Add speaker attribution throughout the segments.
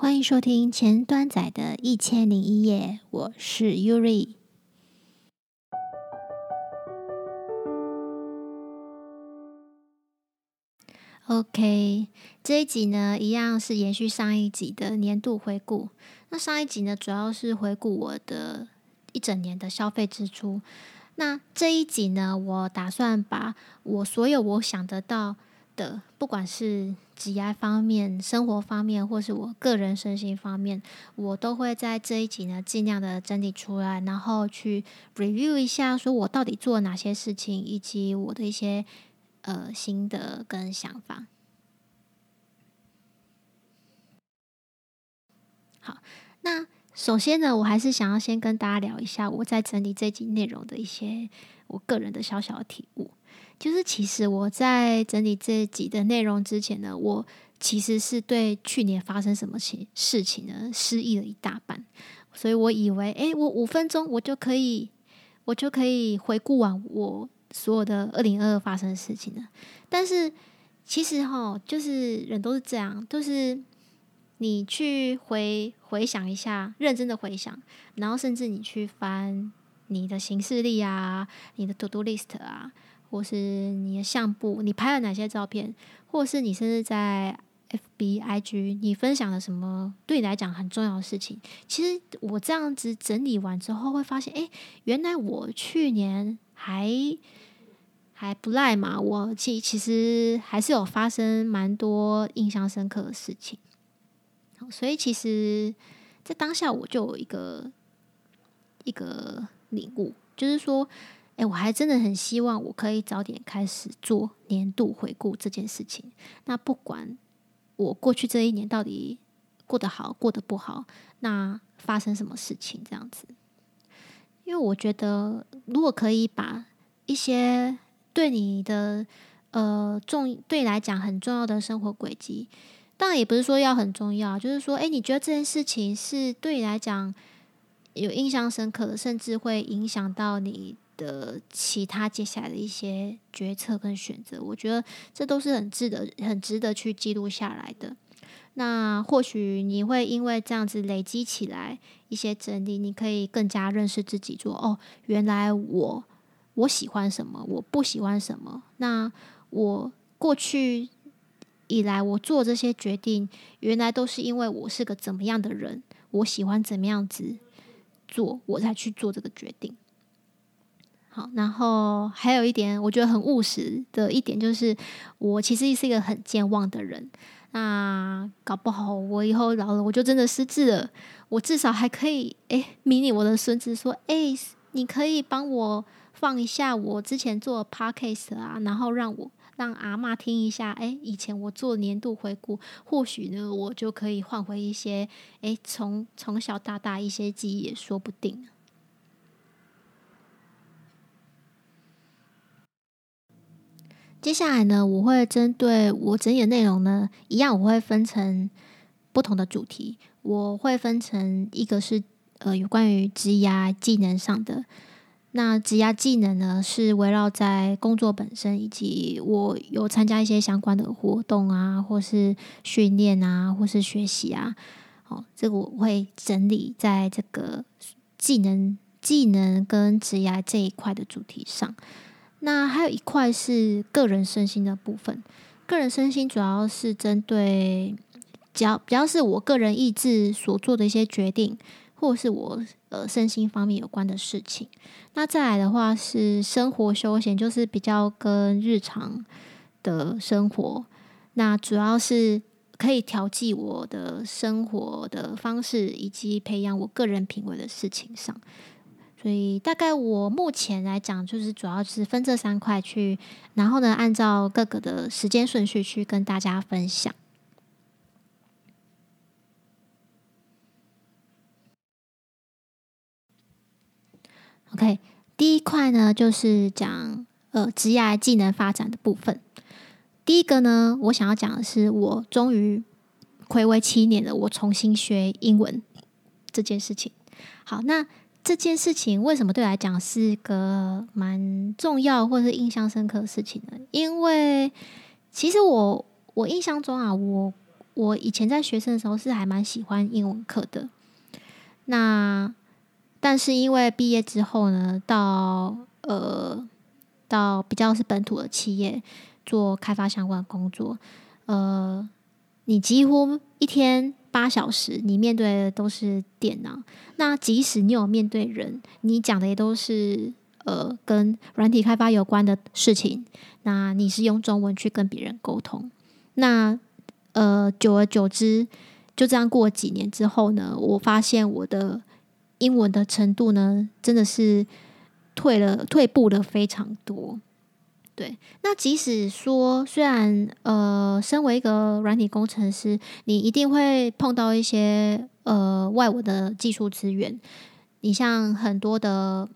Speaker 1: 歡迎收聽前端仔的一千零一夜，我是 Yuri。OK，這一集呢，一樣是延續上一集的年度回顧。那上一集呢，主要是回顧我的一整年的消費支出。那這一集呢，我打算把我所有我想得到的，不管是職涯方面、生活方面，或是我個人身心方面，我都會在這一集呢盡量的整理出來，然後去 review 一下，說我到底做了哪些事情，以及我的一些呃心得跟想法。好，那首先呢，我還是想要先跟大家聊一下我在整理這一集內容的一些我個人的小小的體悟。就是其實我在整理這一集的內容之前呢，我其實是對去年發生什麼情事情呢，失憶了一大半，所以我以為，誒，我五分鐘我就可以，我就可以回顧完我所有的二零二二發生的事情呢。但是其實哈，就是人都是這樣，就是你去回回想一下，認真的回想，然後甚至你去翻你的行事曆啊，你的 to do list 啊。或是你的相簿，你拍了哪些照片，或是你甚至在 FB、IG，你分享了什麼對你來講很重要的事情？其實我這樣子整理完之後，會發現，哎，原來我去年還還不賴嘛！我其其實還是有發生蠻多印象深刻的事情。所以，其實，在當下我就有一個一個領悟，就是說。哎，我還真的很希望我可以早點開始做年度回顧這件事情。那不管我過去這一年到底過得好過得不好，那發生什麼事情這樣子，因為我覺得如果可以把一些對你的呃重對你來講很重要的生活軌跡，當然也不是說要很重要，就是說，哎，你覺得這件事情是對你來講有印象深刻的，甚至會影響到你。的其他接下來的一些決策跟選擇，我覺得這都是很值得、很值得去記錄下來的。那或許你會因為這樣子累積起來一些整理，你可以更加認識自己做，說哦，原來我我喜歡什麼，我不喜歡什麼。那我過去以來，我做這些決定，原來都是因為我是個怎麼樣的人，我喜歡怎麼樣子做，我才去做這個決定。好，然後還有一點，我覺得很務實的一點就是，我其實也是一個很健忘的人。那搞不好我以後老了，我就真的失智了。我至少還可以，誒，迷你我的孫子說，誒，你可以幫我放一下我之前做 podcast 啊，然後讓我讓阿嬤聽一下。誒，以前我做年度回顧，或許呢，我就可以喚回一些，誒，從從小到大，大一些記憶也說不定。接下來呢，我會針對我整理的內容呢，一樣我會分成不同的主題。我會分成一個是呃有關於職涯技能上的，那職涯技能呢是圍繞在工作本身，以及我有參加一些相關的活動啊，或是訓練啊，或是學習啊。哦，這個我會整理在這個技能技能跟職涯這一塊的主題上。那還有一塊是個人身心的部分，個人身心主要是針對，只要只要是我個人意志所做的一些決定，或是我呃身心方面有關的事情。那再來的話是生活休閒，就是比較跟日常的生活，那主要是可以調劑我的生活的方式，以及培養我個人品味的事情上。所以大概我目前來講，就是主要是分這三塊去，然後呢，按照各個的時間順序去跟大家分享。OK，第一塊呢就是講呃，職涯技能發展的部分。第一個呢，我想要講的是，我終於睽違七年了，我重新學英文這件事情。好，那。這件事情為什麼對我來講是個蠻重要或者是印象深刻的事情呢？因為其實我我印象中啊，我我以前在學生的時候是還蠻喜歡英文課的。那但是因為畢業之後呢，到呃到比較是本土的企業做開發相關的工作，呃，你幾乎一天。八小時，你面對的都是電腦。那即使你有面對人，你講的也都是呃跟軟體開發有關的事情。那你是用中文去跟別人溝通。那呃，久而久之，就這樣過幾年之後呢，我發現我的英文的程度呢，真的是退了退步了非常多。對，那即使說，雖然呃，身為一個軟體工程師，你一定會碰到一些呃外文的技術資源。你像很多的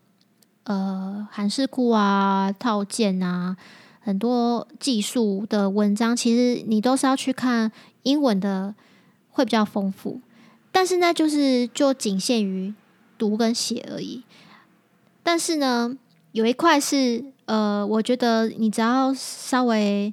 Speaker 1: 呃函式庫啊、套件啊，很多技術的文章，其實你都是要去看英文的，會比較豐富。但是呢，就是就僅限於讀跟寫而已。但是呢，有一塊是。呃，我覺得你只要稍微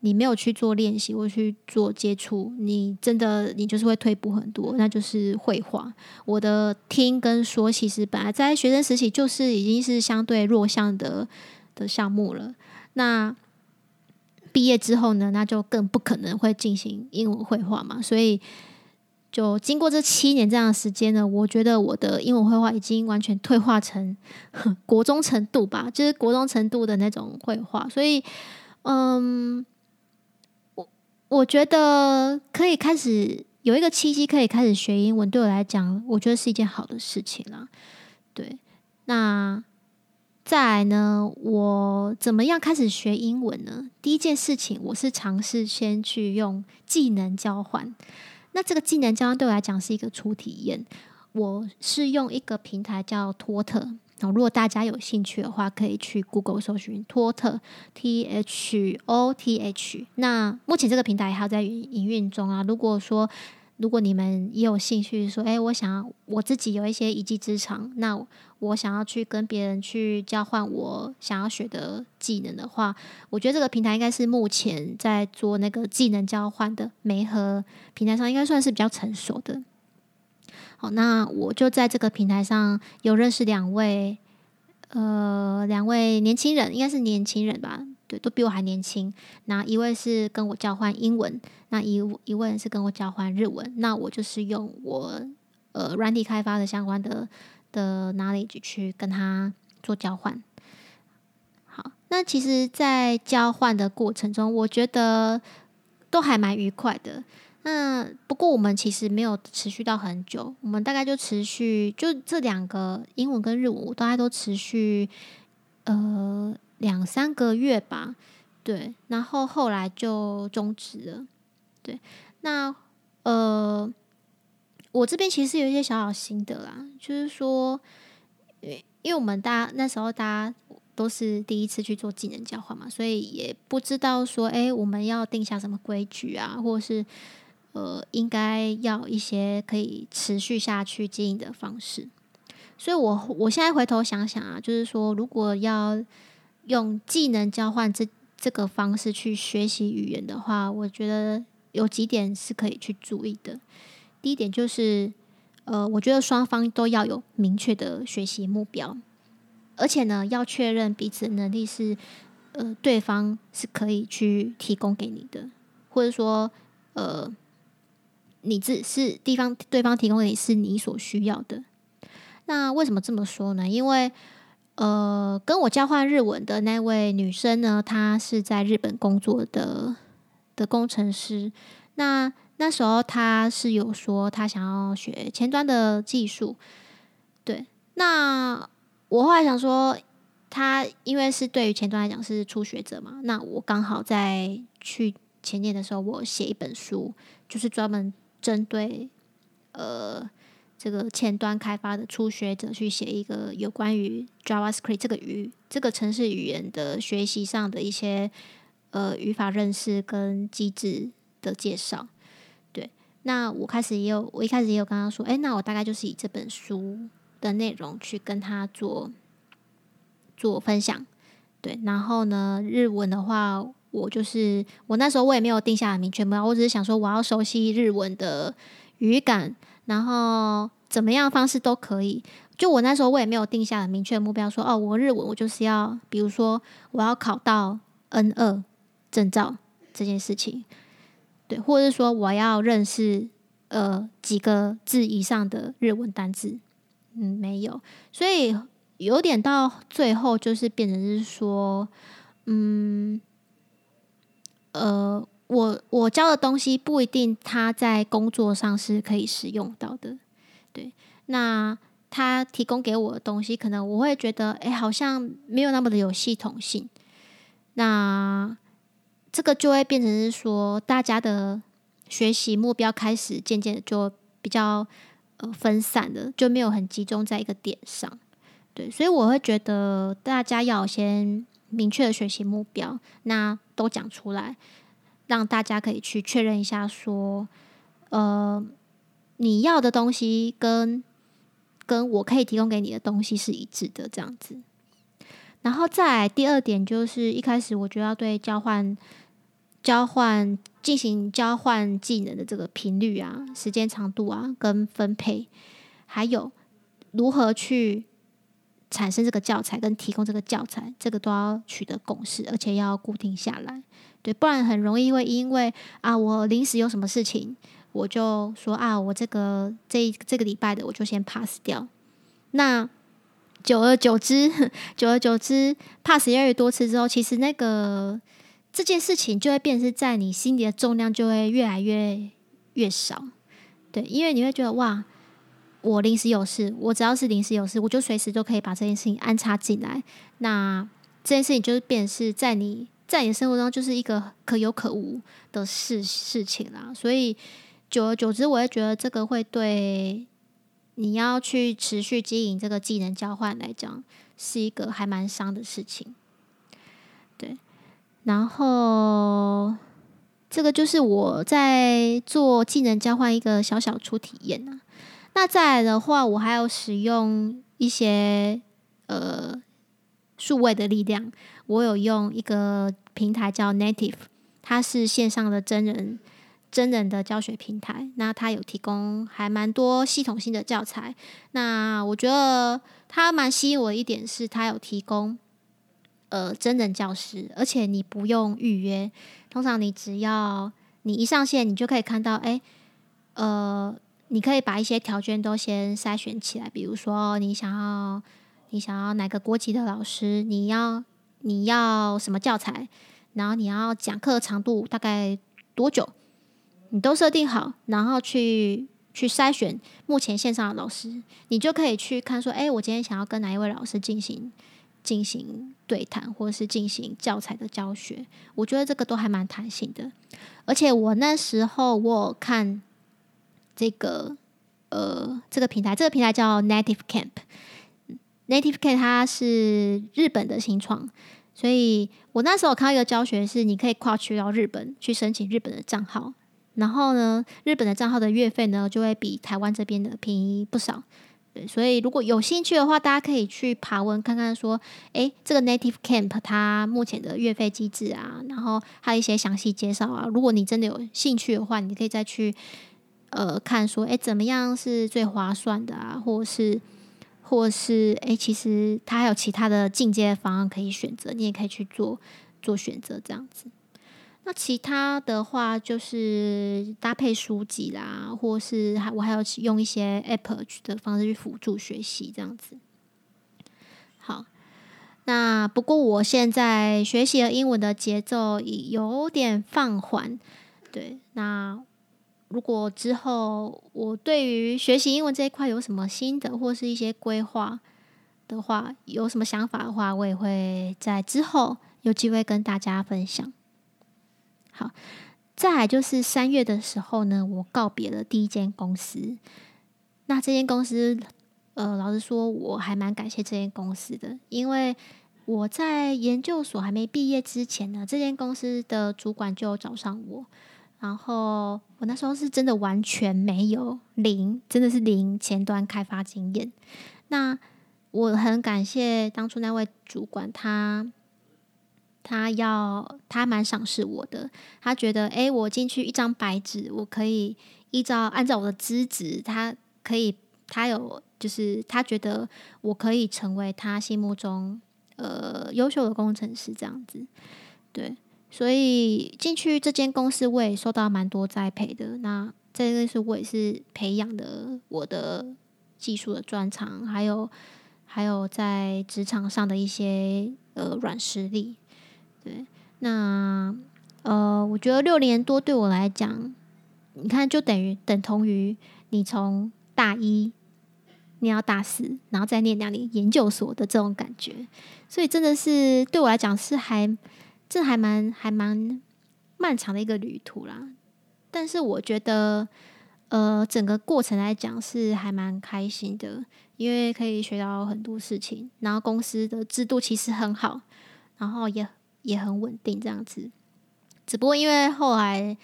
Speaker 1: 你沒有去做練習或去做接觸，你真的你就是會退步很多。那就是會話，我的聽跟說其實本來在學生時期就是已經是相對弱項的的項目了。那畢業之後呢，那就更不可能會進行英文會話嘛，所以。就經過這七年這樣的時間呢，我覺得我的英文會話已經完全退化成國中程度吧，就是國中程度的那種會話。所以，嗯，我我覺得可以開始有一個契機，可以開始學英文，對我來講，我覺得是一件好的事情啦。對，那再來呢，我怎麼樣開始學英文呢？第一件事情，我是嘗試先去用技能交換。那這個技能交換對我來講是一個初體驗，我是用一個平台叫托特，那如果大家有興趣的話，可以去 Google 搜尋托特 T H O T H。那目前這個平台還在營運中啊，如果說。如果你們也有興趣說，哎，我想要我自己有一些一技之長，那我想要去跟別人去交換我想要學的技能的話，我覺得這個平台應該是目前在做那個技能交換的，媒合平台上應該算是比較成熟的。好，那我就在這個平台上有認識兩位，呃，兩位年輕人，應該是年輕人吧。對，都比我還年輕。那一位是跟我交換英文，那一一位是跟我交換日文。那我就是用我呃，軟體開發的相關的的 knowledge 去跟他做交換。好，那其實，在交換的過程中，我覺得都還蠻愉快的。那不過我們其實沒有持續到很久，我們大概就持續就這兩個英文跟日文，我大概都持續呃。兩三個月吧，對，然後後來就終止了。對，那呃，我這邊其實有一些小小心得啦，就是說，因為我們大家那時候大家都是第一次去做技能交換嘛，所以也不知道說，誒，我們要定下什麼規矩啊，或者是呃，應該要一些可以持續下去經營的方式。所以我我現在回頭想想啊，就是說，如果要用技能交換這這個方式去學習語言的話，我覺得有幾點是可以去注意的。第一點就是，呃，我覺得雙方都要有明確的學習目標，而且呢，要確認彼此能力是，呃，對方是可以去提供給你的，或者說，呃，你只是地方對方提供給你是你所需要的。那為什麼這麼說呢？因為呃，跟我交換日文的那位女生呢，她是在日本工作的的工程師。那那時候她是有說她想要學前端的技術，對。那我後來想說，她因為是對於前端來講是初學者嘛，那我剛好在去前年的時候，我寫一本書，就是專門針對呃，這個前端開發的初學者去寫一個有關於 JavaScript 這個語這個程式語言的學習上的一些呃語法認識跟機制的介紹。對，那我開始也有，我一開始也有跟他說，誒，那我大概就是以這本書的內容去跟他做做分享。對，然後呢，日文的話，我就是我那時候我也沒有定下來明確目標，我只是想說我要熟悉日文的語感。然後怎麼樣的方式都可以。就我那時候，我也沒有定下明確的目標說，說哦，我日文我就是要，比如說我要考到 N 二證照這件事情，對，或者是說我要認識呃幾個字以上的日文單字，嗯，沒有，所以有點到最後就是變成是說，嗯，呃。我我教的東西不一定他在工作上是可以使用到的，對。那他提供給我的東西，可能我會覺得，哎，好像沒有那麼的有系統性。那這個就會變成是說，大家的學習目標開始漸漸的就比較呃分散了，就沒有很集中在一個點上。對，所以我會覺得大家要先明確的學習目標，那都講出來。讓大家可以去確認一下，說，呃，你要的東西跟跟我可以提供給你的東西是一致的，這樣子。然後再來第二點，就是一開始我覺得要對交換交換進行交換技能的這個頻率啊、時間長度啊、跟分配，還有如何去產生這個教材跟提供這個教材，這個都要取得共識，而且要固定下來。對，不然很容易會因為啊，我臨時有什麼事情，我就說啊，我這個這一個這個禮拜的，我就先 pass 掉。那久而久之，久而久之，pass 越來越多次之後，其實那個這件事情就會變是在你心裡的重量就會越來越越少。對，因為你會覺得哇，我臨時有事，我只要是臨時有事，我就隨時都可以把這件事情安插進來。那這件事情就是變是在你。在你的生活中，就是一個可有可無的事事情啦，所以久而久之，我也覺得這個會對你要去持續經營這個技能交換來講，是一個還蠻傷的事情。對，然後這個就是我在做技能交換一個小小初體驗。那再來的話，我還要使用一些呃數位的力量。我有用一個平台叫 Native，它是線上的真人、真人的教學平台。那它有提供還蠻多系統性的教材。那我覺得它蠻吸引我的一點是，它有提供呃真人教師，而且你不用預約。通常你只要你一上線，你就可以看到，誒，呃，你可以把一些條件都先篩選起來，比如說你想要你想要哪個國籍的老師，你要。你要什麼教材？然後你要講課的長度大概多久？你都設定好，然後去去篩選目前線上的老師，你就可以去看說，哎，我今天想要跟哪一位老師進行進行對談，或者是進行教材的教學。我覺得這個都還蠻彈性的。而且我那時候我有看這個呃這個平台，這個平台叫 Native Camp。Native Camp 它是日本的新創，所以我那時候看到一個教學是，你可以跨區到日本去申請日本的賬號，然後呢，日本的賬號的月費呢就會比台灣這邊的便宜不少。對，所以如果有興趣的話，大家可以去爬文看看說，誒、欸，這個 Native Camp 它目前的月費機制啊，然後還有一些詳細介紹啊。如果你真的有興趣的話，你可以再去呃看說，誒、欸，怎麼樣是最划算的啊，或者是。或是哎、欸，其實他還有其他的進階的方案可以選擇，你也可以去做做選擇這樣子。那其他的話就是搭配書籍啦，或是還我還要用一些 APP 的方式去輔助學習這樣子。好，那不過我現在學習的英文的節奏已有點放緩，對，那。如果之後我對於學習英文這一塊有什麼心得或是一些規劃的話，有什麼想法的話，我也會在之後有機會跟大家分享。好，再來就是三月的時候呢，我告別了第一間公司。那這間公司，呃，老實說，我還蠻感謝這間公司的，因為我在研究所還沒畢業之前呢，這間公司的主管就找上我。然後我那時候是真的完全沒有零，真的是零前端開發經驗。那我很感謝當初那位主管他，他要他要他蠻賞識我的，他覺得哎、欸，我進去一張白紙，我可以依照按照我的資質，他可以他有就是他覺得我可以成為他心目中呃優秀的工程師這樣子，對。所以進去這間公司，我也受到蠻多栽培的。那這個是我也是培養的我的技術的專長，還有還有在職場上的一些呃軟實力。對，那呃，我覺得六年多對我來講，你看就等於等同於你從大一念到大四，然後再念兩年研究所的這種感覺。所以真的是對我來講是還。這還蠻還蠻漫長的一個旅途啦，但是我覺得，呃，整個過程來講是還蠻開心的，因為可以學到很多事情。然後公司的制度其實很好，然後也也很穩定這樣子。只不過因為後來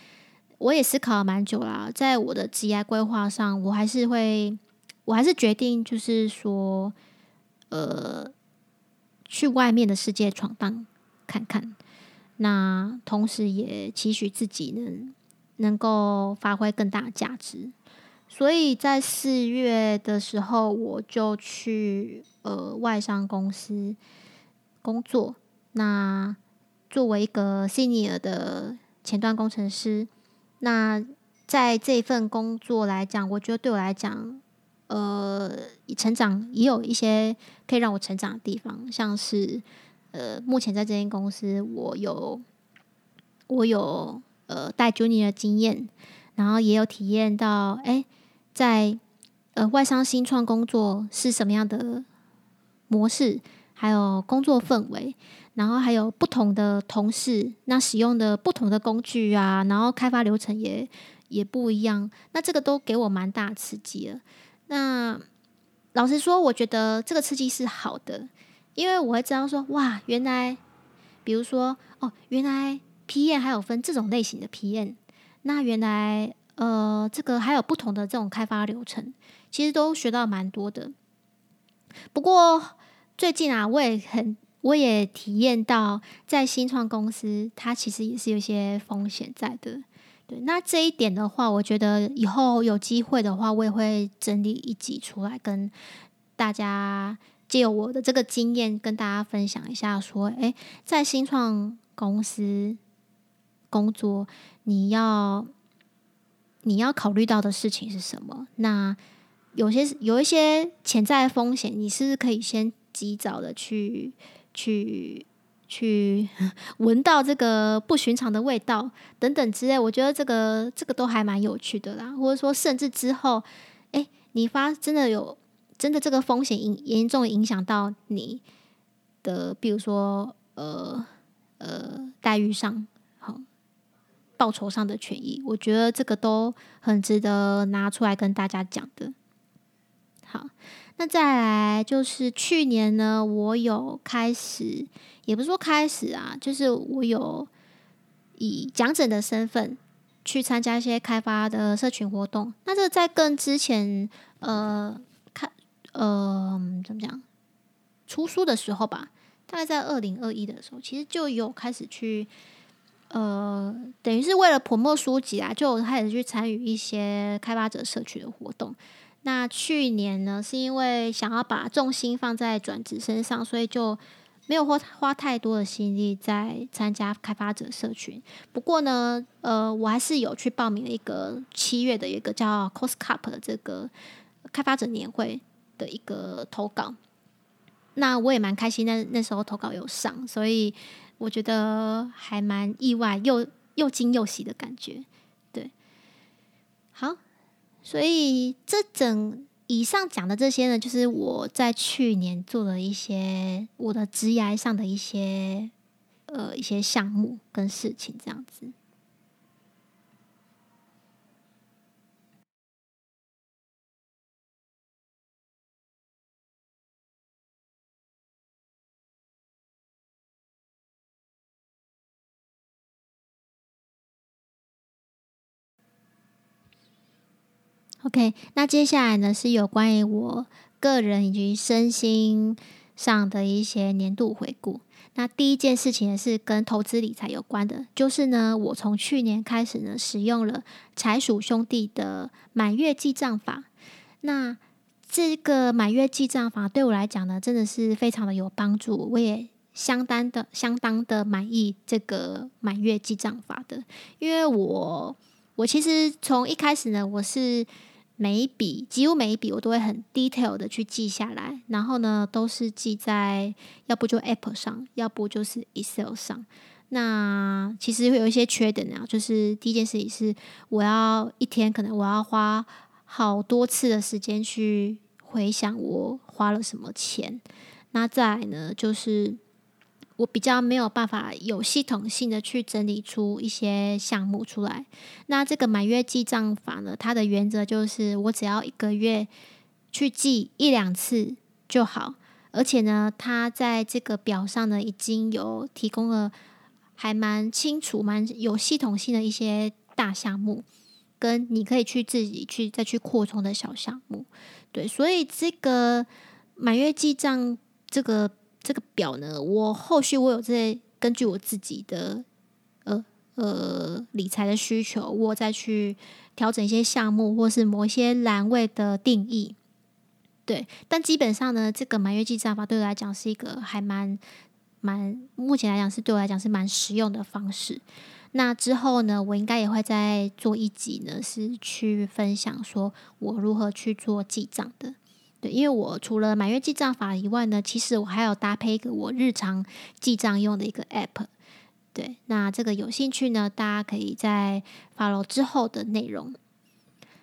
Speaker 1: 我也思考了蠻久啦，在我的職業規劃上，我還是會，我還是決定就是說，呃，去外面的世界闖蕩。看看，那同時也期許自己能能夠發揮更大的價值，所以在四月的時候，我就去呃外商公司工作。那作為一個 senior 的前端工程師，那在這份工作來講，我覺得對我來講，呃，成長也有一些可以讓我成長的地方，像是。呃，目前在這間公司我，我有我有呃帶 junior 的經驗，然後也有體驗到，哎，在呃外商新創工作是什麼樣的模式，還有工作氛圍，然後還有不同的同事，那使用的不同的工具啊，然後開發流程也也不一樣，那這個都給我蠻大刺激了。那老實說，我覺得這個刺激是好的。因為我會知道說，哇，原來，比如說，哦，原來 PM 還有分這種類型的 PM，那原來，呃，這個還有不同的這種開發流程，其實都學到蠻多的。不過最近啊，我也很，我也體驗到在新創公司，它其實也是有些風險在的。對，那這一點的話，我覺得以後有機會的話，我也會整理一集出來跟大家。借我的這個經驗跟大家分享一下，說，誒、欸，在新創公司工作，你要你要考慮到的事情是什麼？那有些有一些潛在風險，你是不是可以先及早的去去去聞到這個不尋常的味道等等之類？我覺得這個這個都還蠻有趣的啦，或者說甚至之後，誒、欸，你發真的有。真的，這個風險嚴嚴重影響到你的，比如說，呃呃，待遇上，好，報酬上的權益，我覺得這個都很值得拿出來跟大家講的。好，那再來就是去年呢，我有開始，也不是說開始啊，就是我有以講者的身份去參加一些開發的社群活動，那這在跟之前，呃。呃，怎麼講？出書的時候吧，大概在二零二一的時候，其實就有開始去呃，等於是為了 promote 書籍啊，就開始去參與一些開發者社區的活動。那去年呢，是因為想要把重心放在轉職身上，所以就沒有花花太多的心力在參加開發者社群。不過呢，呃，我還是有去報名了一個七月的一個叫 COSCUP 的這個開發者年會。的一個投稿，那我也蠻開心。那那時候投稿有上，所以我覺得還蠻意外，又又驚又喜的感覺。對，好，所以這整以上講的這些呢，就是我在去年做的一些我的職涯上的一些呃，一些項目跟事情這樣子。OK，那接下來呢，是有關於我個人以及身心上的一些年度回顧。那第一件事情是跟投資理財有關的，就是呢，我從去年開始呢，使用了柴鼠兄弟的滿月記賬法。那這個滿月記賬法對我來講呢，真的是非常的有幫助，我也相當的相當的滿意這個滿月記賬法的，因為我。我其實從一開始呢，我是每一筆，幾乎每一筆我都會很 detail 的去記下來，然後呢都是記在要不就 Apple 上，要不就是 Excel 上。那其實會有一些缺點呢、啊，就是第一件事情是我要一天可能我要花好多次的時間去回想我花了什麼錢，那再來呢就是。我比較沒有辦法有系統性的去整理出一些項目出來。那這個滿月記賬法呢，它的原則就是我只要一個月去記一兩次就好。而且呢，它在這個表上呢已經有提供了還蠻清楚，蠻有系統性的一些大項目，跟你可以去自己去再去擴充的小項目。對，所以這個滿月記賬這個。這個表呢，我後續我有在根據我自己的，呃呃理財的需求，我再去調整一些項目，或是某一些欄位的定義。對，但基本上呢，這個滿月記賬法對我來講是一個還蠻蠻，目前來講是對我來講是蠻實用的方式。那之後呢，我應該也會再做一集呢，是去分享說我如何去做記賬的。對，因為我除了滿月記賬法以外呢，其實我還有搭配一個我日常記賬用的一個 App。對，那這個有興趣呢，大家可以在 follow 之後的內容。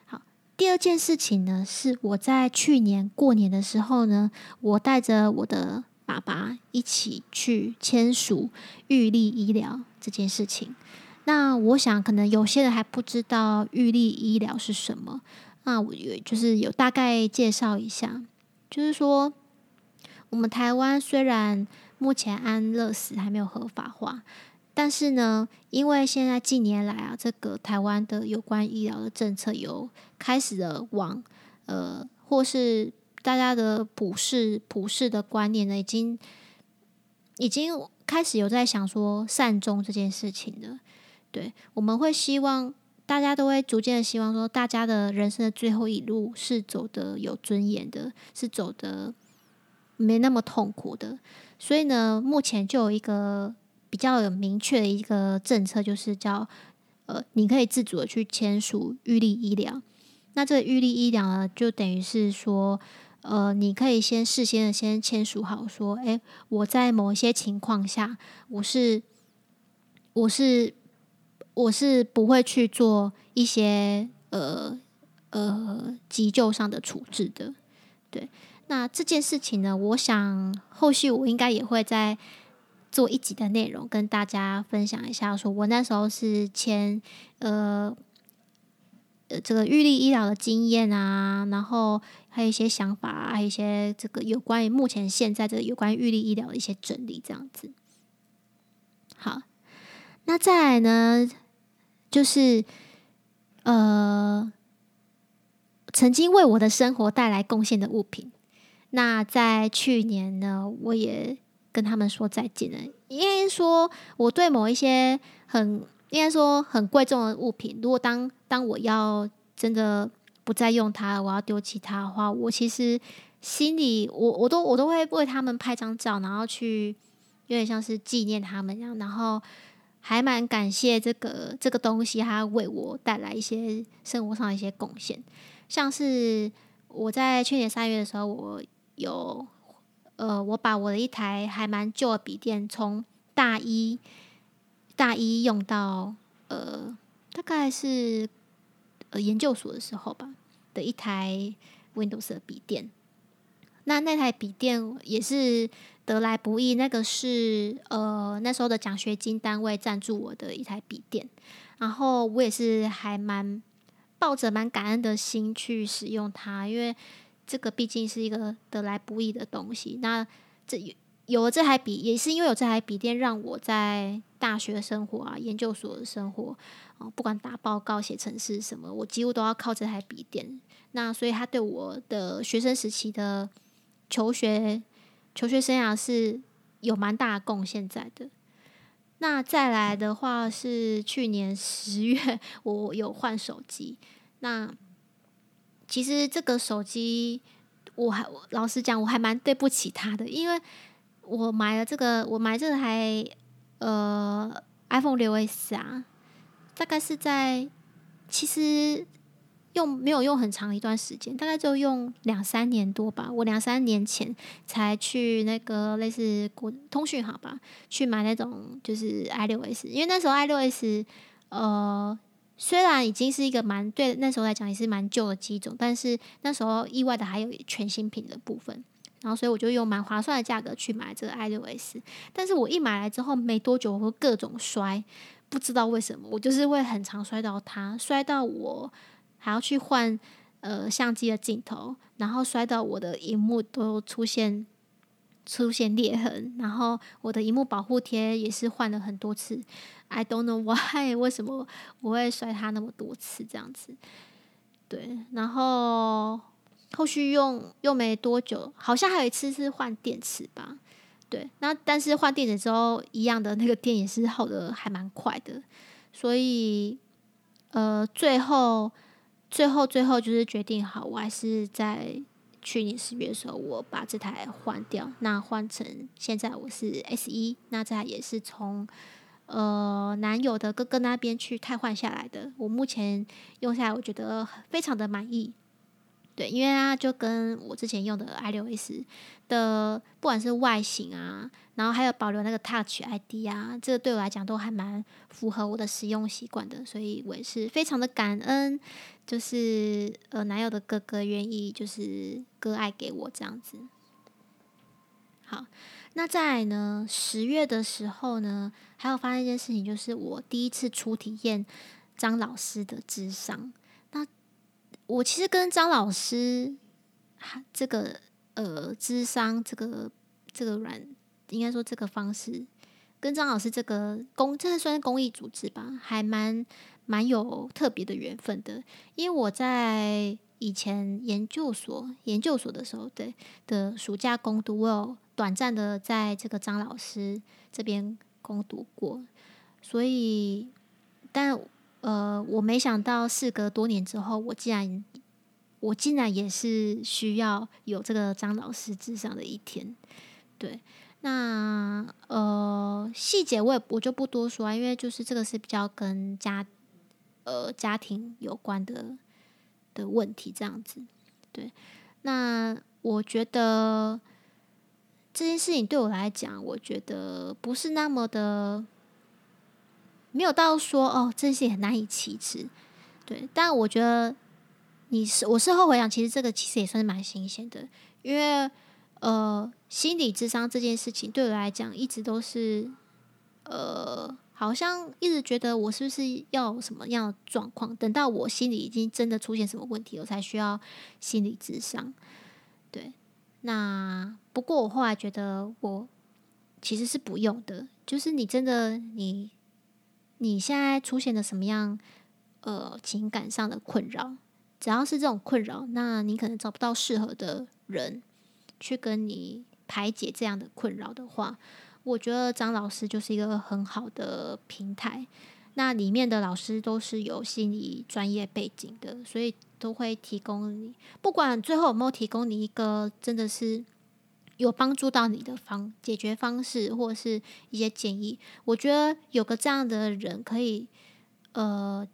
Speaker 1: 好，第二件事情呢，是我在去年過年的時候呢，我帶着我的爸爸一起去簽署預立醫療這件事情。那我想，可能有些人還不知道預立醫療是什麼。那我也就是有大概介紹一下，就是說，我們台灣雖然目前安樂死還沒有合法化，但是呢，因為現在近年來啊，這個台灣的有關醫療的政策有開始的往呃，或是大家的普世普世的觀念呢，已經已經開始有在想說善終這件事情了，對，我們會希望。大家都會逐漸的希望說，大家的人生的最後一路是走的有尊嚴的，是走的沒那麼痛苦的。所以呢，目前就有一個比較有明確的一個政策，就是叫呃，你可以自主的去簽署預立醫療。那這個預立醫療呢，就等於是說，呃，你可以先事先的先簽署好，說，誒，我在某一些情況下，我是我是。我是不會去做一些呃呃急救上的處置的，對。那這件事情呢，我想後續我應該也會再做一集的內容，跟大家分享一下，說我那時候是簽呃，呃這個預立醫療的經驗啊，然後還有一些想法、啊，還有一些這個有關於目前現在的有關於預立醫療的一些整理，這樣子。好，那再來呢？就是，呃，曾經為我的生活帶來貢獻的物品。那在去年呢，我也跟他們說再見了。因為說，我對某一些很應該說很貴重的物品，如果當當我要真的不再用它，我要丟棄它的話，我其實心裡我我都我都會為他們拍張照，然後去有點像是紀念他們一樣，然後。還蠻感謝這個這個東西，它為我帶來一些生活上的一些貢獻。像是我在去年三月的時候，我有呃，我把我的一台還蠻舊的筆電，從大一大一用到呃，大概是呃研究所的時候吧，的一台 Windows 的筆電。那那台筆電也是得來不易，那個是呃那時候的獎學金單位贊助我的一台筆電，然後我也是還蠻抱着蠻感恩的心去使用它，因為這個畢竟是一個得來不易的東西。那這有有了這台筆，也是因為有這台筆電，讓我在大學生活啊、研究所的生活啊、嗯，不管打報告、寫程式什麼，我幾乎都要靠這台筆電。那所以它對我的學生時期的。求學求學生涯是有蠻大貢獻在的。那再來的話是去年十月，我有換手機。那其實這個手機，我還老實講，我還蠻對不起他的，因為我買了這個，我買了這台呃 iPhone 6S 啊，大概是在其實。用沒有用很長一段時間，大概就用兩三年多吧。我兩三年前才去那個類似國通訊行吧，去買那種就是 i 六 s，因為那時候 i 六 s 呃雖然已經是一個蠻對那時候來講也是蠻舊的機種，但是那時候意外的還有全新品的部分。然後所以我就用蠻划算的價格去買這個 i 六 s。但是我一買來之後沒多久，我會各種摔，不知道為什麼，我就是會很常摔到它，摔到我。還要去換呃相機的鏡頭，然後摔到我的熒幕都出現出現裂痕，然後我的熒幕保護貼也是換了很多次。I don't know why，為什麼我會摔它那麼多次這樣子？對，然後後續用用沒多久，好像還有一次是換電池吧？對，那但是換電池之後，一樣的那個電也是耗得還蠻快的，所以呃最後。最後，最後就是決定好，我還是在去年十月的時候，我把這台換掉，那換成現在我是 SE，那這台也是從呃男友的哥哥那邊去替換下來的。我目前用下來，我覺得非常的滿意。對，因為啊，就跟我之前用的 i 六 s 的，不管是外形啊，然後還有保留那個 touch id 啊，這個對我來講都還蠻符合我的使用習慣的，所以我也是非常的感恩，就是呃男友的哥哥願意就是割愛給我這樣子。好，那在呢十月的時候呢，還有發生一件事情，就是我第一次初體驗張老師的諮商。我其實跟張老師，這個呃，諮商這個這個軟，應該說這個方式，跟張老師這個公，真的算是公益組織吧，還蠻蠻有特別的緣分的。因為我在以前研究所研究所的時候，對的暑假工讀，我有短暫的在這個張老師這邊工讀過，所以但。呃，我沒想到事隔多年之後，我竟然，我竟然也是需要有這個張老師諮商的一天。對，那呃，細節我也我就不多說，因為就是這個是比較跟家，呃，家庭有關的的問題，這樣子。對，那我覺得這件事情對我來講，我覺得不是那麼的。沒有到說哦，這些很難以啟齒，對。但我覺得你是，我事後回想，其實這個其實也算是蠻新鮮的，因為呃，心理諮商這件事情對我來講一直都是，呃，好像一直覺得我是不是要什麼樣的狀況，等到我心裡已經真的出現什麼問題，我才需要心理諮商。對。那不過我後來覺得我其實是不用的，就是你真的你。你現在出現了什麼樣呃情感上的困擾，只要是這種困擾，那你可能找不到適合的人去跟你排解這樣的困擾的話，我覺得張老師就是一個很好的平台。那裡面的老師都是有心理專業背景的，所以都會提供你，不管最後有沒有提供你一個真的是。有幫助到你的方解決方式，或者是一些建議，我覺得有個這樣的人可以，呃，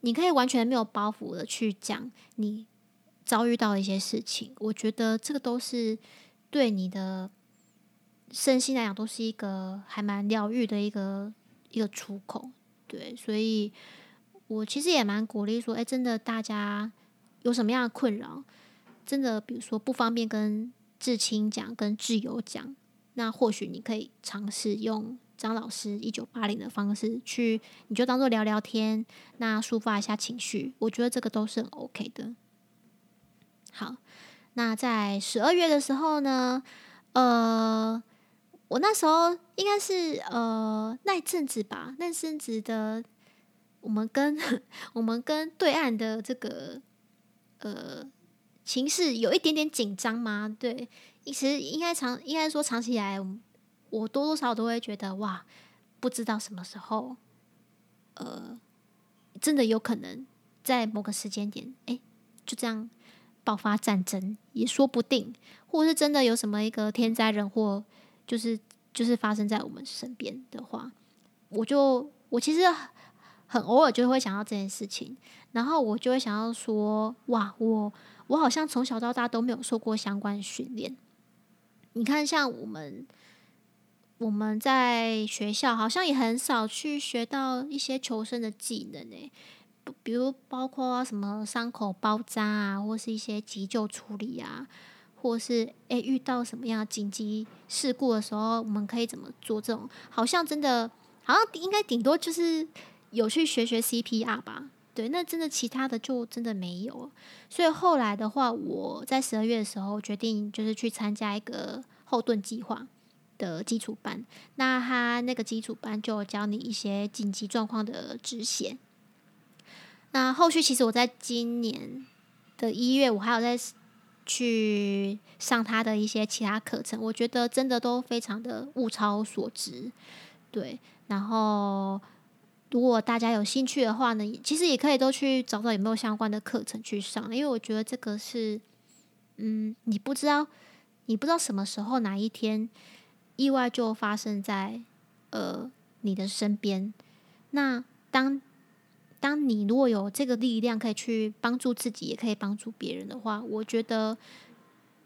Speaker 1: 你可以完全沒有包袱的去講你遭遇到一些事情。我覺得這個都是對你的身心來講，都是一個還蠻療癒的一個一個出口。對，所以我其實也蠻鼓勵說，哎，真的大家有什麼樣的困擾，真的比如說不方便跟。至親講跟摯友講，那或許你可以嘗試用張老師一九八零的方式去，你就當做聊聊天，那抒發一下情緒，我覺得這個都是很 OK 的。好，那在十二月的時候呢，呃，我那時候應該是呃那一陣子吧，那一陣子的我們跟我們跟對岸的這個呃。情勢有一點點緊張嗎？對，其實應該長，應該說長期以來，我，我多多少少都會覺得哇，不知道什麼時候，呃，真的有可能在某個時間點，哎、欸，就這樣爆發戰爭也說不定，或者是真的有什麼一個天災人禍，就是就是發生在我們身邊的話，我就我其實很，很偶爾就會想到這件事情，然後我就會想要說哇，我。我好像從小到大都沒有受過相關訓練。你看，像我們我們在學校好像也很少去學到一些求生的技能誒、欸，比如包括什麼傷口包紮啊，或是一些急救處理啊，或是誒、欸、遇到什麼樣緊急事故的時候，我們可以怎麼做？這種好像真的好像應該頂多就是有去學學 CPR 吧。對，那真的其他的就真的沒有，所以後來的話，我在十二月的時候決定就是去參加一個後盾計劃的基礎班。那他那個基礎班就教你一些緊急狀況的止血。那後續其實我在今年的一月，我還有在去上他的一些其他課程，我覺得真的都非常的物超所值。對，然後。如果大家有興趣的話呢，其實也可以都去找找有沒有相關的課程去上，因為我覺得這個是，嗯，你不知道，你不知道什麼時候哪一天意外就發生在呃你的身邊。那當當你如果有這個力量可以去幫助自己，也可以幫助別人的話，我覺得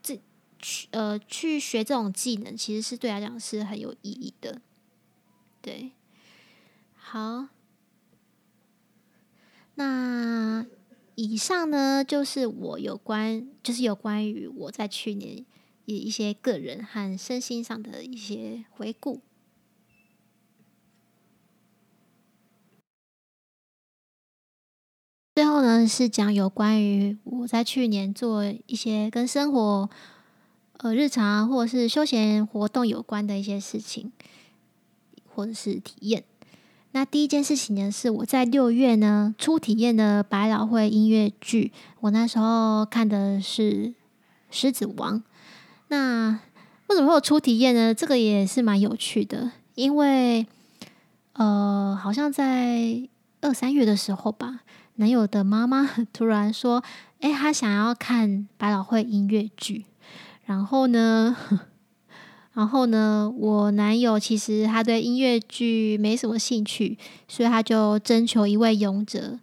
Speaker 1: 這去呃去學這種技能，其實是對來講是很有意義的，對。好，那以上呢，就是我有關，就是有關於我在去年一些個人和身心上的一些回顧。最後呢，是講有關於我在去年做一些跟生活，呃，日常或者是休閒活動有關的一些事情，或者是體驗。那第一件事情呢，是我在六月呢初體驗了百老匯音樂劇，我那時候看的是《獅子王》。那為什麼會有初體驗呢？這個也是蠻有趣的，因為呃，好像在二三月的時候吧，男友的媽媽突然說：“哎，她想要看百老匯音樂劇。”然後呢，然後呢，我男友其實他對音樂劇沒什麼興趣，所以他就徵求一位勇者，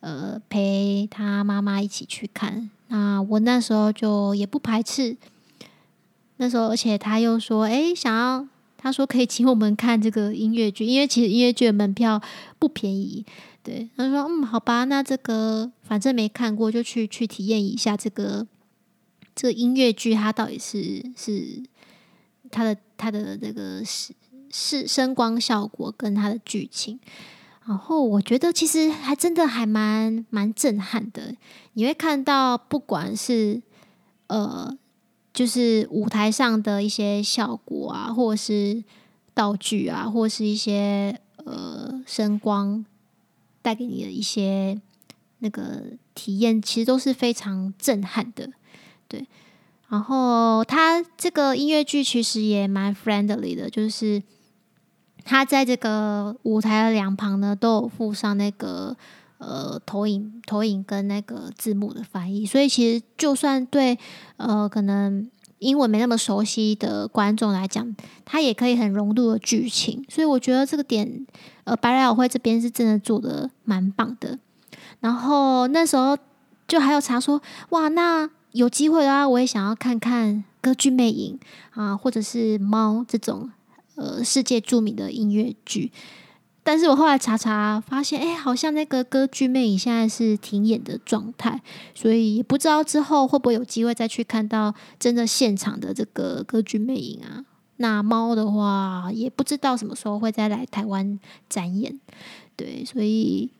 Speaker 1: 呃，陪他媽媽一起去看。那我那時候就也不排斥。那時候，而且他又說，誒，想要，他說可以請我們看這個音樂劇，因為其實音樂劇的門票不便宜。對，他說，嗯，好吧，那這個反正沒看過，就去去體驗一下這個這個音樂劇，它到底是是。他的他的那個是是聲光效果跟他的劇情，然後我覺得其實還真的還蠻蠻震撼的。你會看到，不管是呃，就是舞台上的一些效果啊，或者是道具啊，或是一些呃聲光帶給你的一些那個體驗，其實都是非常震撼的，對。然後他這個音樂劇其實也蠻 friendly 的，就是他在這個舞台的兩旁呢，都有附上那個呃投影、投影跟那個字幕的翻譯，所以其實就算對呃可能英文沒那麼熟悉的觀眾來講，他也可以很融入的劇情。所以我覺得這個點，呃，百老匯這邊是真的做的蠻棒的。然後那時候就還有查說，哇，那。有機會的話啊，我也想要看看《歌劇魅影》啊，或者是《貓》這種呃世界著名的音樂劇。但是我後來查查發現，哎、欸，好像那個《歌劇魅影》現在是停演的狀態，所以也不知道之後會不會有機會再去看到真的現場的這個《歌劇魅影》啊。那《貓》的話，也不知道什麼時候會再來台灣展演。對，所以。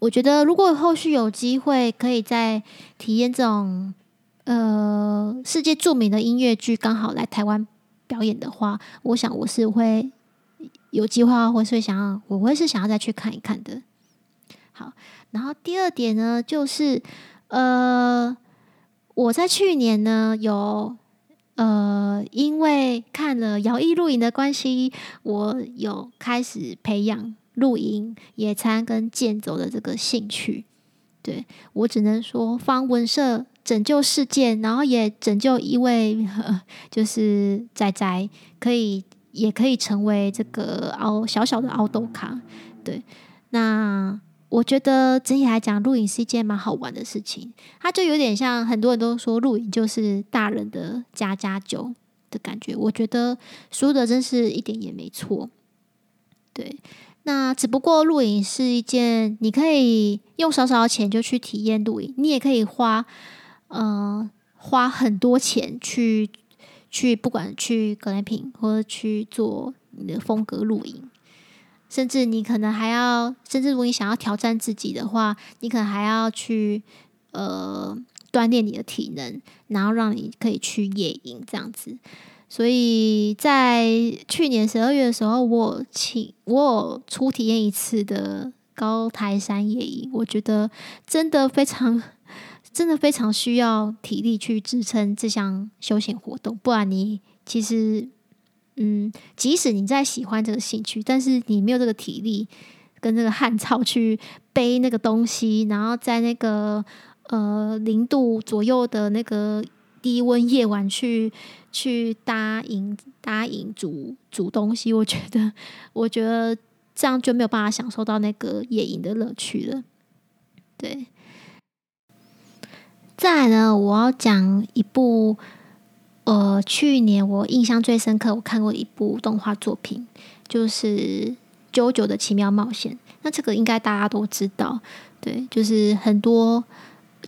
Speaker 1: 我覺得，如果後續有機會，可以再體驗這種呃世界著名的音樂劇剛好來台灣表演的話，我想我是會有計劃，或是想要，我會是想要再去看一看的。好，然後第二點呢，就是呃，我在去年呢，有呃因為看了搖曳露營的關係，我有開始培養。露營、野餐跟健走的這個興趣，對，我只能說芳文社拯救世界，然後也拯救一位就是仔仔，可以也可以成為這個凹小小的凹豆咖。對，那我覺得整體來講，露營是一件蠻好玩的事情。它就有點像很多人都說露營就是大人的家家酒的感覺。我覺得說的真是一點也沒錯，對。那只不過露營是一件，你可以用少少的錢就去體驗露營，你也可以花，嗯、呃，花很多錢去去，不管去 glamping 或者去做你的風格露營，甚至你可能還要，甚至如果你想要挑戰自己的話，你可能還要去呃鍛鍊你的體能，然後讓你可以去野營這樣子。所以在去年十二月的時候，我請我初體驗一次的高台山野營，我覺得真的非常，真的非常需要體力去支撐這項休閒活動，不然你其實，嗯，即使你再喜歡這個興趣，但是你沒有這個體力跟這個漢草去背那個東西，然後在那個呃零度左右的那個。低溫夜晚去去搭營搭營煮煮東西，我覺得我覺得這樣就沒有辦法享受到那個野營的樂趣了。對，再來呢，我要講一部呃，去年我印象最深刻，我看過一部動畫作品，就是《JoJo 的奇妙冒險》。那這個應該大家都知道，對，就是很多。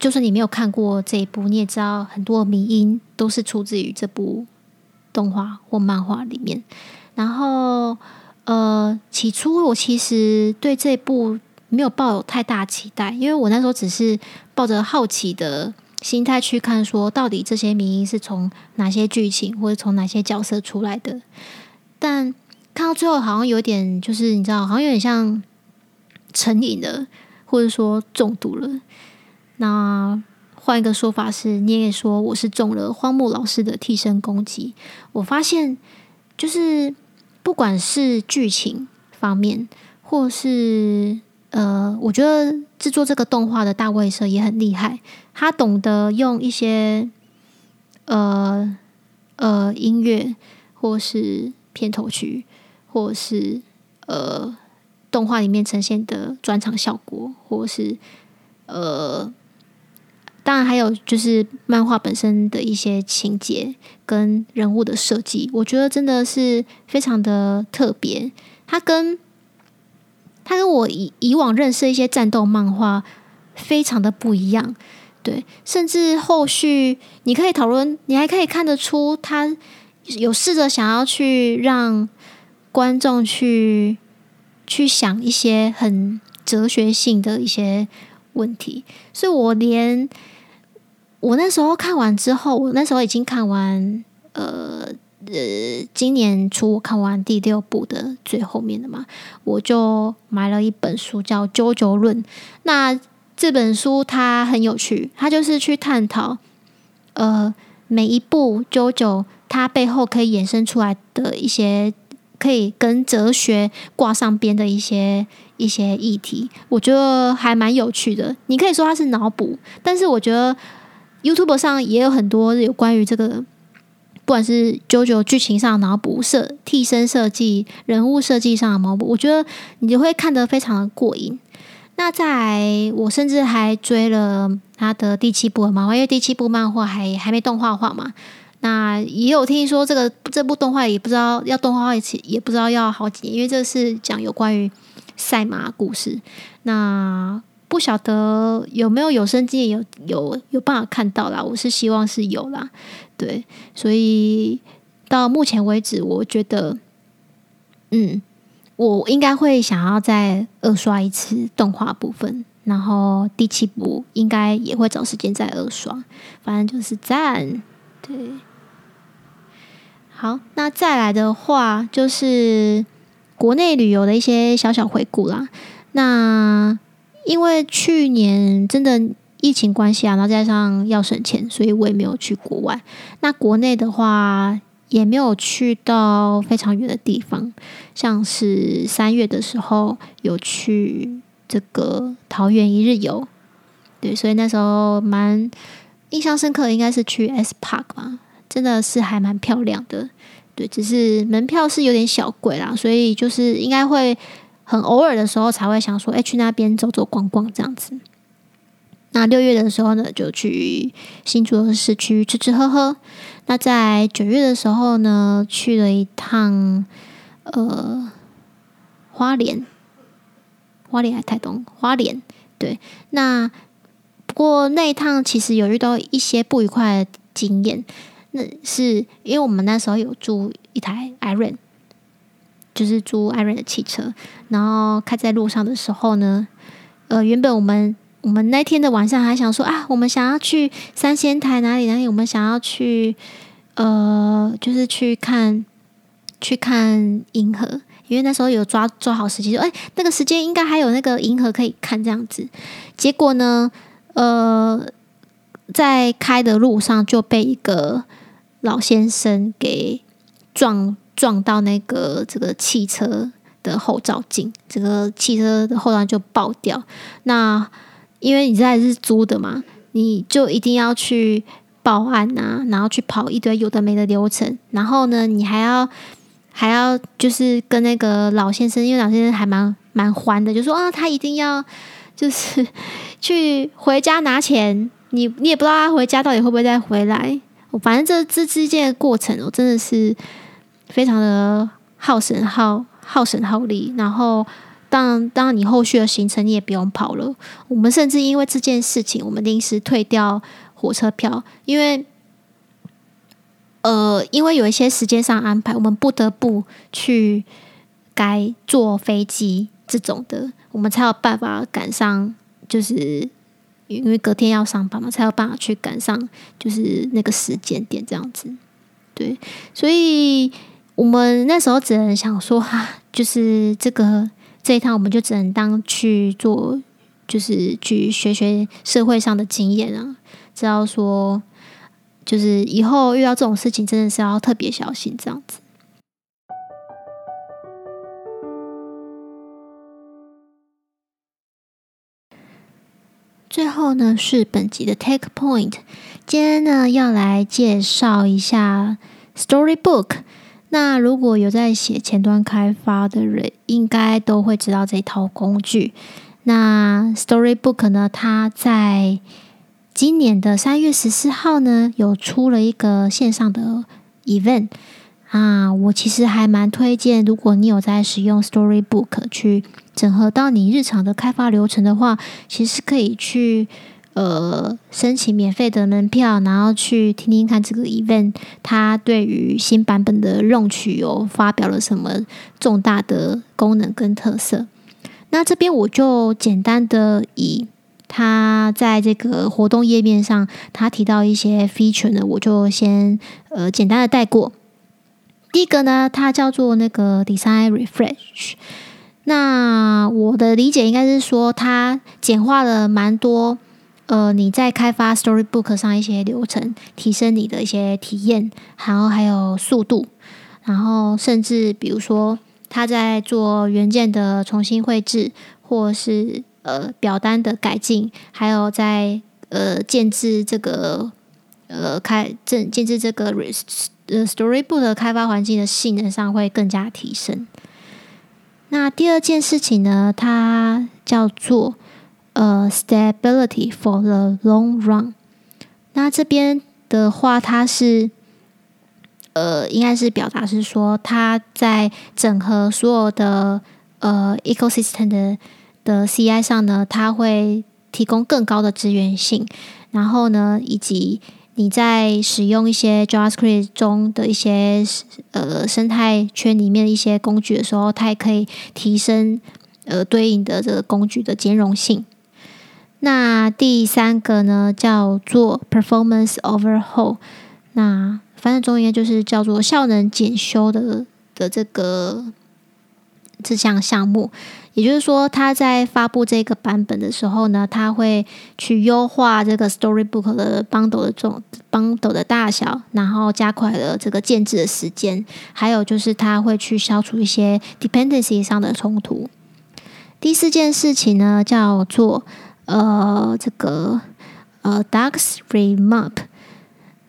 Speaker 1: 就算你沒有看過這一部，你也知道很多迷因都是出自於這部動畫或漫畫裡面。然後，呃，起初我其實對這部沒有抱有太大期待，因為我那時候只是抱着好奇的心態去看，說到底這些迷因是從哪些劇情或者從哪些角色出來的。但看到最後，好像有點就是你知道，好像有點像成癮了，或者說中毒了。那換一個說法是，你也說我是中了荒木老師的替身攻擊。我發現，就是不管是劇情方面，或是呃，我覺得制作這個動畫的大衛社也很厲害，他懂得用一些呃呃音樂，或是片頭曲，或是呃動畫裡面呈現的轉場效果，或是呃。當然，還有就是漫畫本身的一些情節跟人物的設計，我覺得真的是非常的特別。它跟它跟我以以往認識的一些戰鬥漫畫非常的不一樣。對，甚至後續你可以討論，你還可以看得出，他有試着想要去讓觀眾去去想一些很哲學性的一些。問題，所以我連我那時候看完之後，我那時候已經看完，呃呃，今年初我看完第六部的最後面的嘛，我就買了一本書叫《JoJo 論》。那這本書它很有趣，它就是去探討，呃，每一部 JoJo 它背後可以衍生出來的一些。可以跟哲學掛上邊的一些一些議題，我覺得還蠻有趣的。你可以說它是腦補，但是我覺得 YouTube 上也有很多有關於這個，不管是 JoJo 劇情上腦補設替身設計、人物設計上的腦補，我覺得你就會看得非常的過癮。那在我甚至還追了他的第七部漫畫，因為第七部漫畫還還沒動畫化嘛。那也有聽說這個這部動畫也不知道要動畫化一次，也不知道要好幾年，因為這是講有關於賽馬故事。那不曉得有沒有有生之年有有有辦法看到啦？我是希望是有啦，對。所以到目前為止，我覺得，嗯，我應該會想要再二刷一次動畫部分，然後第七部應該也會找時間再二刷，反正就是贊，對。好，那再來的話就是國內旅遊的一些小小回顧啦。那因為去年真的疫情關係啊，然後再加上要省錢，所以我也沒有去國外。那國內的話，也沒有去到非常遠的地方。像是三月的時候有去這個桃園一日遊，對，所以那時候蠻印象深刻，應該是去 S Park 吧。真的是還蠻漂亮的，對，只是門票是有點小貴啦，所以就是應該會很偶爾的時候才會想說，欸，去那邊走走逛逛這樣子。那六月的時候呢，就去新竹市區吃吃喝喝。那在九月的時候呢，去了一趟呃花蓮，花蓮還是台東，花蓮，對。那不過那一趟其實有遇到一些不愉快的經驗。那是因為我們那時候有租一台 Iron，就是租 Iron 的汽車，然後開在路上的時候呢，呃，原本我們我們那天的晚上還想說啊，我們想要去三仙台哪裡哪裡，我們想要去呃，就是去看去看銀河，因為那時候有抓抓好時機，說，哎、欸，那個時間應該還有那個銀河可以看這樣子。結果呢，呃，在開的路上就被一個。老先生給撞撞到那個這個汽車的後照鏡，這個汽車的後照鏡就爆掉。那因為你現在是租的嘛，你就一定要去報案啊，然後去跑一堆有的沒的流程。然後呢，你還要還要就是跟那個老先生，因為老先生還蠻蠻歡的，就說啊，他一定要就是去回家拿錢。你你也不知道他回家到底會不會再回來。我反正這這之間的過程，我真的是非常的耗神耗、耗耗神、耗力。然後當，當當你後續的行程你也不用跑了。我們甚至因為這件事情，我們臨時退掉火車票，因為呃，因為有一些時間上安排，我們不得不去改坐飛機這種的，我們才有辦法趕上，就是。因為隔天要上班嘛，才有辦法去趕上，就是那個時間點這樣子。對，所以我們那時候只能想說哈，就是這個這一趟，我們就只能當去做，就是去學學社會上的經驗啊，知道說，就是以後遇到這種事情，真的是要特別小心這樣子。最後呢，是本集的 tech point。今天呢，要來介紹一下 Storybook。那如果有在寫前端開發的人，應該都會知道這套工具。那 Storybook 呢，它在今年的三月十四號呢，有出了一個線上的 event。啊、嗯，我其實還蠻推薦，如果你有在使用 Storybook 去，整合到你日常的開發流程的話，其實可以去呃申請免費的門票，然後去聽聽看這個 event 它對於新版本的用取有、哦、發表了什麼重大的功能跟特色。那這邊我就簡單的以他在這個活動頁面上他提到一些 feature 呢，我就先呃簡單的帶過。第一個呢，它叫做那個 Design Refresh。那我的理解應該是說，它簡化了蠻多，呃，你在開發 Storybook 上一些流程，提升你的一些體驗，然後還有速度，然後甚至比如說，它在做元件的重新繪製，或是呃表單的改進，還有在呃建置這個呃開這建置這個呃 Storybook 的開發環境的性能上會更加提升。那第二件事情呢，它叫做呃，stability for the long run。那這邊的話，它是呃，應該是表達是說，它在整合所有的呃，ecosystem 的的 CI 上呢，它會提供更高的支援性，然後呢，以及。你在使用一些 JavaScript 中的一些呃生態圈裡面的一些工具的時候，它也可以提升呃對應的這個工具的兼容性。那第三個呢，叫做 Performance Overhaul，那反正中譯就是叫做效能檢修的的這個。這項項目，也就是說，他在發布這個版本的時候呢，他會去優化這個 Storybook 的 bundle 的這種 bundle 的大小，然後加快了這個建置的時間，還有就是他會去消除一些 dependency 上的衝突。第四件事情呢，叫做呃這個呃 Dux Remap。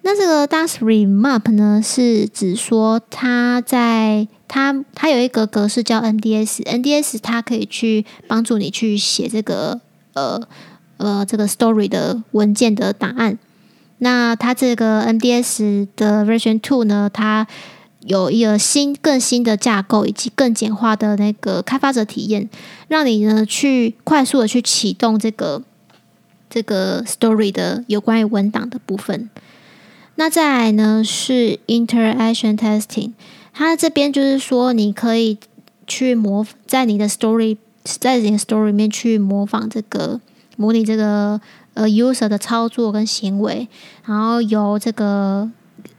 Speaker 1: 那這個 Dux Remap 呢，是指說他在它它有一個格式叫 MDX，MDX 它可以去幫助你去寫這個呃呃這個 story 的文件的檔案。那它這個 MDX 的 Version Two 呢，它有一個新更新的架構以及更簡化的那個開發者體驗，讓你呢去快速的去啟動這個這個 story 的有關於文檔的部分。那再來呢是 Interaction Testing。它這邊就是說，你可以去模在你的 story，在你的 story 裡面去模仿這個模擬這個呃 user 的操作跟行為，然後由這個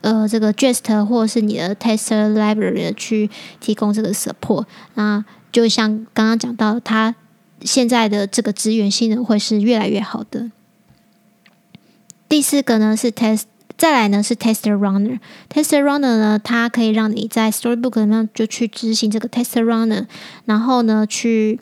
Speaker 1: 呃這個 jest 或者是你的 tester library 去提供這個 support。那就像剛剛講到，它現在的這個資源性能會是越來越好的。第四個呢是 test。再來呢是 test runner，test runner 呢，它可以讓你在 storybook 裡面就去執行這個 test runner，然後呢去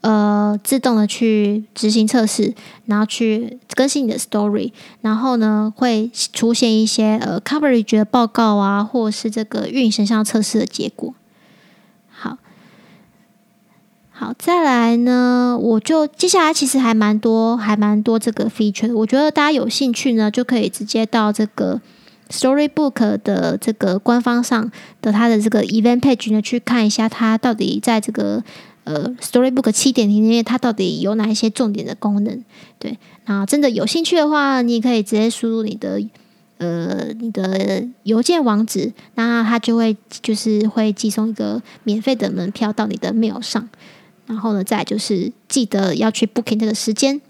Speaker 1: 呃自動的去執行測試，然後去更新你的 story，然後呢會出現一些呃 coverage 的報告啊，或者是這個運行上測試的結果。好，再來呢，我就接下來其實還蠻多，還蠻多這個 feature。我覺得大家有興趣呢，就可以直接到這個 Storybook 的這個官方上的它的這個 event page 呢，去看一下它到底在這個呃 Storybook 七點零裡面，它到底有哪一些重點的功能。對，然後真的有興趣的話，你可以直接輸入你的呃你的郵件網址，那它就會就是會寄送一個免費的門票到你的 mail 上。然後呢，再來就是記得要去 booking 這個時間。